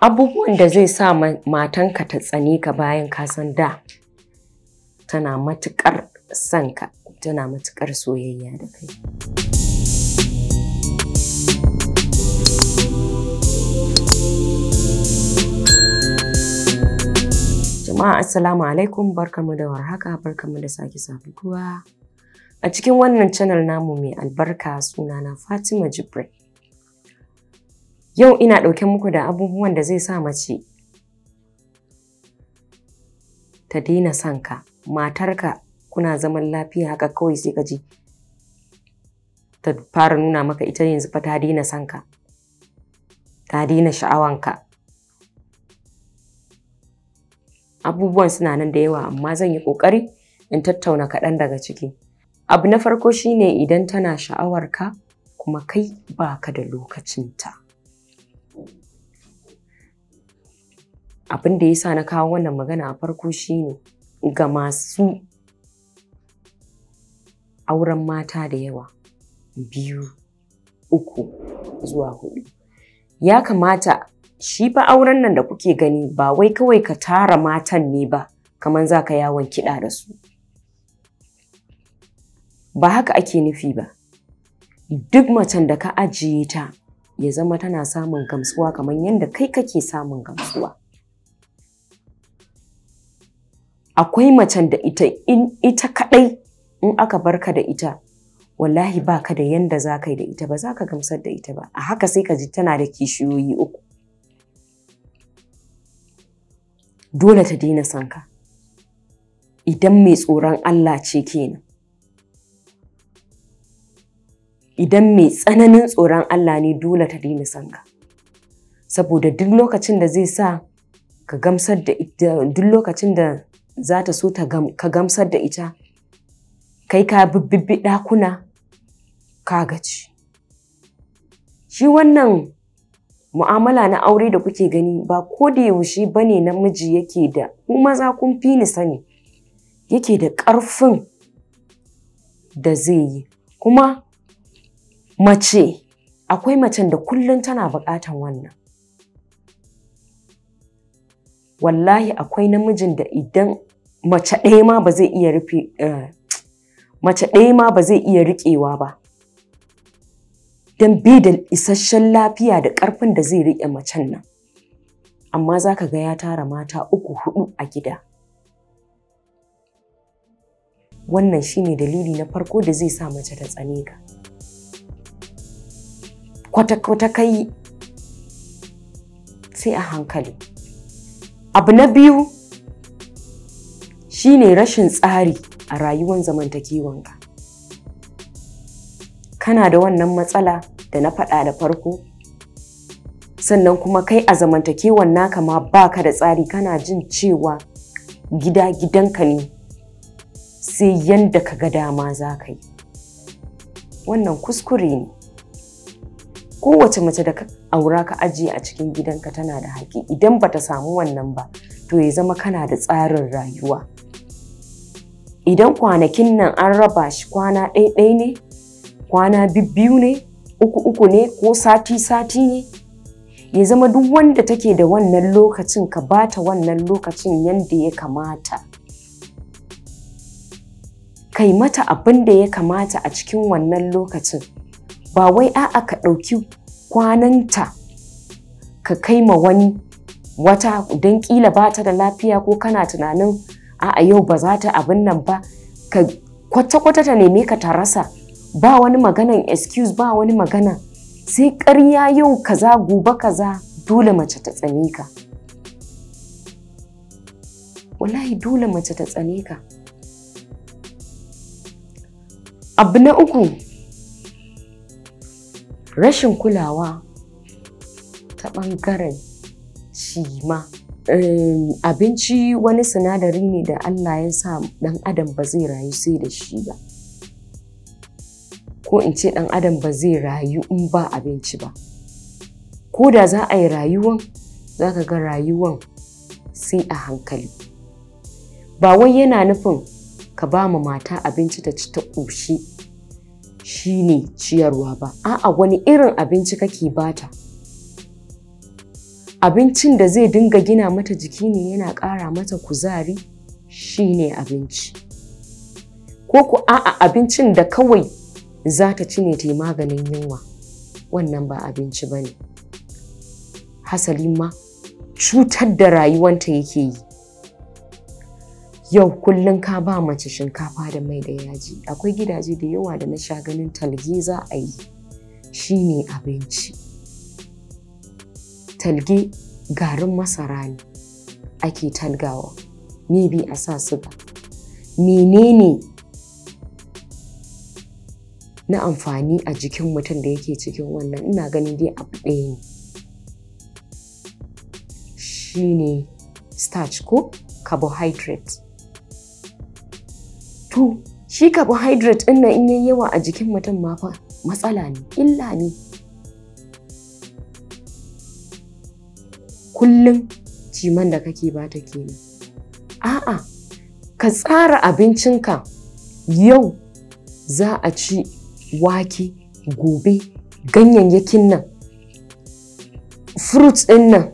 abubuwan da zai sa matanka ta tsane ka bayan ka san da tana matuƙar son ka tana matuƙar soyayya da kai jama'a assalamu alaikum barkamu da warhaka barkamu da sake sabuwa a cikin wannan channel namu mai albarka sunana fatima jibril Yau ina ɗauke muku da abubuwan da zai sa mace ta daina son ka, matarka kuna zaman lafiya haka kawai sai ka ji ta fara nuna maka ita yanzu fa ta daina son ta daina sha'awanka. Abubuwan suna nan da yawa amma zan yi ƙoƙari in tattauna kaɗan daga ciki. Abu na farko shine idan tana sha'awarka kuma kai baka da lokacinta. abin da ya sa na kawo wannan magana a farko shine ga masu auren mata da yawa biyu uku zuwa hudu ya kamata shi fa auren nan da kuke gani ba wai kawai ka tara matan ne ba kamar za ka yawon kiɗa da su ba haka ake nufi ba duk macen da ka ajiye ta ya zama tana samun gamsuwa kamar yadda kai kake samun gamsuwa akwai macen da ita in ita kadai in aka barka da ita wallahi baka da yanda za ka yi da ita ba za ka gamsar da ita ba a haka sai ka ji tana da kishiyoyi uku dole ta daina sanka idan mai tsoron Allah ce kenan idan mai tsananin tsoron Allah ne dole ta daina sanka saboda duk lokacin da zai sa ka gamsar da duk lokacin da za ta so ka gamsar da ita kai ka bibbi ɗakuna ka gaci shi wannan mu'amala na aure da kuke gani ba ko da yaushe ba ne namiji yake da ku maza kun fi ni sani yake da ƙarfin da zai yi kuma mace akwai macen da kullum tana buƙatan wannan wallahi akwai namijin da idan mace ɗaya ma ba zai iya rufe eh, mace ɗaya ma ba zai iya riƙewa ba don bi da isasshen lafiya da ƙarfin da zai riƙe macen nan amma za ka ga ya tara mata uku hudu a gida wannan shine dalili na farko da zai sa mace ta tsane ka kwata-kwata kai sai a hankali abu na biyu shine rashin tsari a rayuwar zamantakewanka kana da wannan matsala da na faɗa da farko sannan kuma kai a zamantakewan naka ma ba ka da tsari kana jin cewa gida gidanka ne sai yanda ka ga dama za ka yi wannan kuskure ne kowace mace da aura ka ajiye a cikin gidanka tana da haƙi idan bata samu wannan ba to ya zama kana da tsarin rayuwa idan kwanakin nan an raba shi kwana ɗaiɗai ne kwana bibbiyu ne uku uku ne ko sati sati ne ya zama duk wanda take da wannan lokacin ka bata wannan lokacin yadda ya kamata kai mata abin da ya kamata a cikin wannan lokacin ba wai a'a ka ɗauki kwananta ka kai ma wani wata don ƙila ba ta da lafiya ko kana tunanin a'a yau ba za ta abin nan ba ka kwata-kwata ta neme ka ta rasa ba wani maganan excuse ba wani magana sai karya yau kaza gobe kaza dole mace ta tsane ka wallahi dole mace ta tsane ka abu na uku rashin kulawa ta ɓangaren shi ma abinci wani sinadari ne da Allah ya sa ɗan adam ba zai rayu sai da shi ba ko in ce ɗan adam ba zai rayu in ba abinci ba ko da za a yi rayuwan za ka ga rayuwan sai a hankali ba wai yana nufin ka ba ma mata abinci ta ci ta ƙoshi shi ne ciyarwa ba a'a wani irin abinci kake bata abincin da zai dinga gina mata jiki ne yana ƙara mata kuzari shine abinci ko ku a'a abincin da kawai za ta ci ne ta yi maganin yunwa wannan ba abinci ba ne hasali ma cutar da rayuwanta yake yi yau kullum ka ba mace shinkafa da mai da yaji akwai gidaje da yawa da na sha ganin talge za a yi shine abinci talge garin masara ne ake talgawa bi a sa suga menene na amfani a jikin mutum da yake cikin wannan ina ganin dai abu ɗaya ne shi ne starch ko carbohydrate to shi carbohydrate ɗin nan in yayi yawa a jikin mutum ma fa matsala ne illa ne kullum ciman da kake bata kenan a'a ka tsara abincinka yau za a ci wake gobe ganyayyakin nan fruits ɗin nan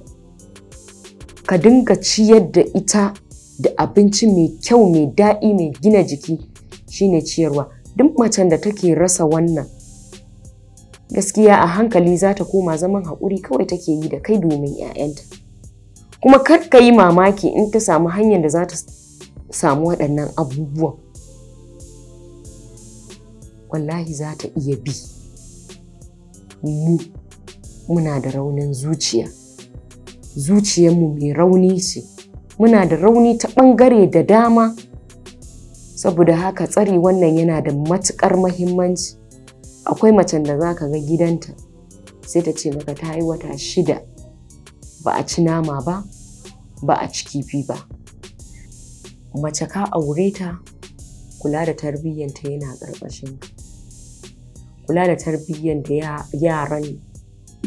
ka dinga ciyar da ita da abinci mai kyau mai daɗi mai gina jiki shine ciyarwa duk macen da take rasa wannan gaskiya a hankali za ta koma zaman haƙuri kawai take yi da kai domin 'ya'yanta kuma kar ka yi mamaki in ta samu hanyar da za ta samu waɗannan abubuwan wallahi za ta iya bi mu muna da raunin zuciya zuciyarmu mai rauni ce muna da rauni ta ɓangare da dama saboda haka tsari wannan yana da matuƙar mahimmanci akwai macen da za ka ga gidanta sai ta ce maka ta yi wata shida ba a ci nama ba ba a ci kifi ba mace ka aure ta kula da tarbiyyanta yana ƙarƙashin kula da tarbiyyanta yaran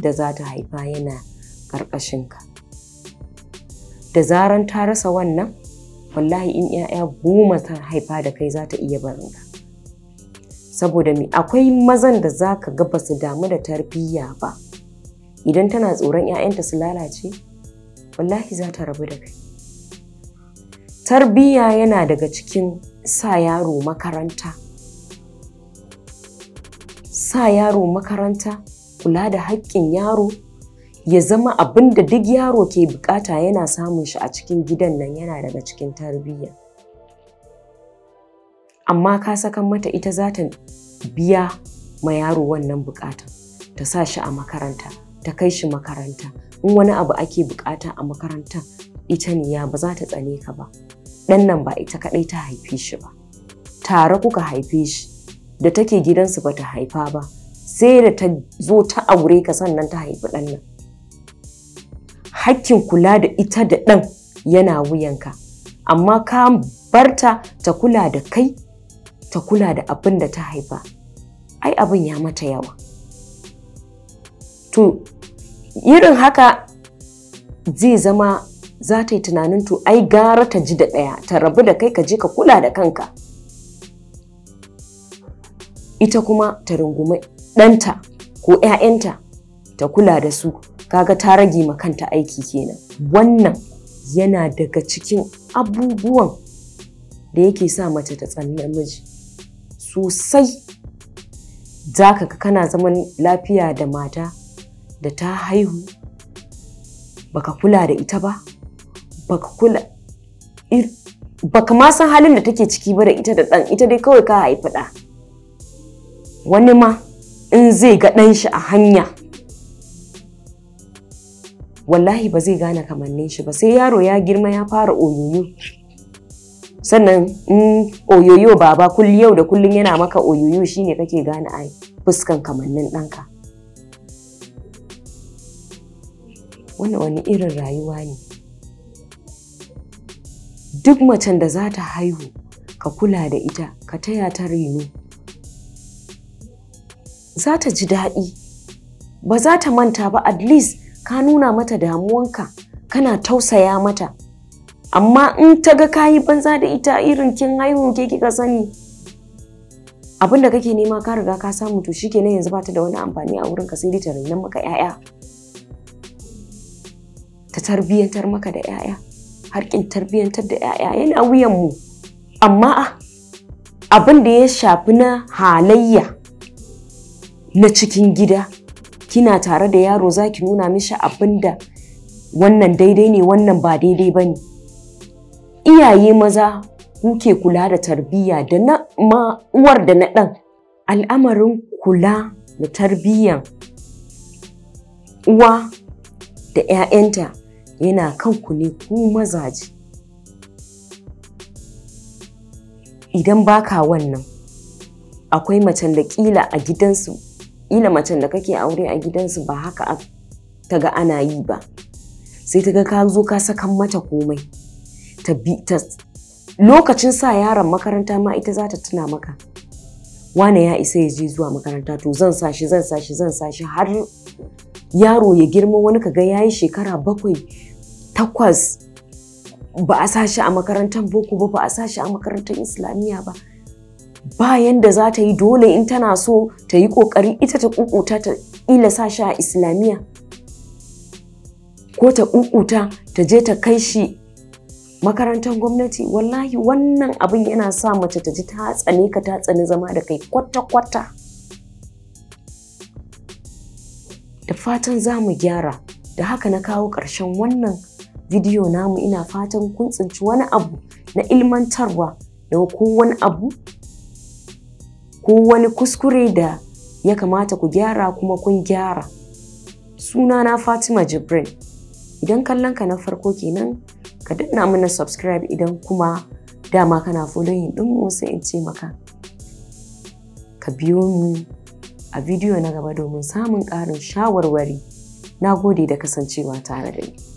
da za ta haifa yana ƙarƙashinka da zaran ta rasa wannan wallahi in 'ya'ya goma ta haifa da kai za ta iya barinka saboda mi akwai mazan da za ka ga ba su damu da tarbiyya ba idan tana tsoron 'ya'yanta su lalace wallahi za ta rabu da kai tarbiyya yana daga cikin sa yaro makaranta sa yaro makaranta kula da haƙƙin yaro ya zama abin da duk yaro ke bukata yana samun shi a cikin gidan nan yana daga cikin tarbiyya amma ka sakan mata ita za ta biya ma yaro wannan bukata ta sa shi a makaranta ta kai shi makaranta in wani abu ake bukata a makarantar ita ne ya ba za ta tsane ka ba ɗan nan ba ita kaɗai ta haife shi ba tare kuka haife shi da take gidansu ba ta haifa ba sai da ta zo ta aure ka sannan ta haifi ɗan nan hakkin kula da ita da ɗan yana wuyanka amma ka barta ta kula da kai ta kula da abin da ta haifa ai abin ya mata yawa to irin haka zai zama za ta yi tunanin to ai gara ta ji da ɗaya ta rabu da kai ka je ka kula da kanka ita kuma ta rungumi ɗanta ko 'ya'yanta ta kula da su kaga ta rage ma kanta aiki kenan wannan yana daga cikin abubuwan da yake sa mace ta tsanni namiji. sosai za ka kana zaman lafiya da mata da ta haihu baka kula da ita ba baka kula baka ma san halin da take ciki ba da ita da ɗan ita dai kawai ka haifi ɗa wani ma in zai ga ɗan shi a hanya wallahi ba zai gane kamannin shi ba sai yaro ya girma ya fara oyoyo sannan in oyoyo baba kulli yau da kullum yana maka oyoyo shine kake gane a fuskan kamannin ɗanka wannan wani irin rayuwa ne duk macen da za ta haihu ka kula da ita ka taya ta reno za ta ji daɗi ba za ta manta ba at least ka nuna mata damuwanka kana tausaya mata amma in ta ga kayi banza da ita irin kin haihu ke kika sani abin da kake nema ka riga ka samu to shikenan yanzu bata da wani amfani a wurin ka sai dai ta rainan maka 'ya'ya ta tarbiyyantar maka da 'ya'ya harkin tarbiyyantar da 'ya'ya yana wuyan mu amma abin da ya shafi na halayya na cikin gida kina tare da yaro zaki nuna mishi abin da wannan daidai ne wannan ba daidai ba ne iyaye maza kuke kula da tarbiyya da na ma uwar da na ɗan al'amarin kula da tarbiyyan uwa da 'ya'yanta yana kan ku ne ku mazaje idan baka wannan akwai macen da kila a gidansu ila macen da kake aure a gidansu ba haka ta ga ana yi ba sai ta ga ka zo ka saka mata komai ta bi ta lokacin sa yaron makaranta ma ita za ta tuna maka wane ya isa ya je zuwa makaranta to zan sa shi zan sa shi zan sa shi har yaro ya girma wani kaga ya yi shekara bakwai takwas ba a sa shi a makarantar boko ba ba a sa shi a makarantar islamiyya ba bayan da za ta yi dole in tana so ta yi kokari ita ta kukuta ta ila sa shi a islamiyya ko ta kukuta ta je ta kai shi makarantar gwamnati wallahi wannan abin yana sa mace ta ji ta tsane ka ta tsani zama da kai kwata-kwata da fatan za mu gyara da haka na kawo ƙarshen wannan bidiyo namu ina fatan kun tsinci wani abu na ilmantarwa da ko wani abu ko wani kuskure da ya kamata ku gyara kuma kun gyara Suna na fatima jibril idan kallon ka na farko kenan ka danna mana subscribe idan kuma dama kana following ɗin sai in ce maka ka biyo mu a bidiyo na gaba domin samun ƙarin shawarwari na gode da kasancewa tare da ni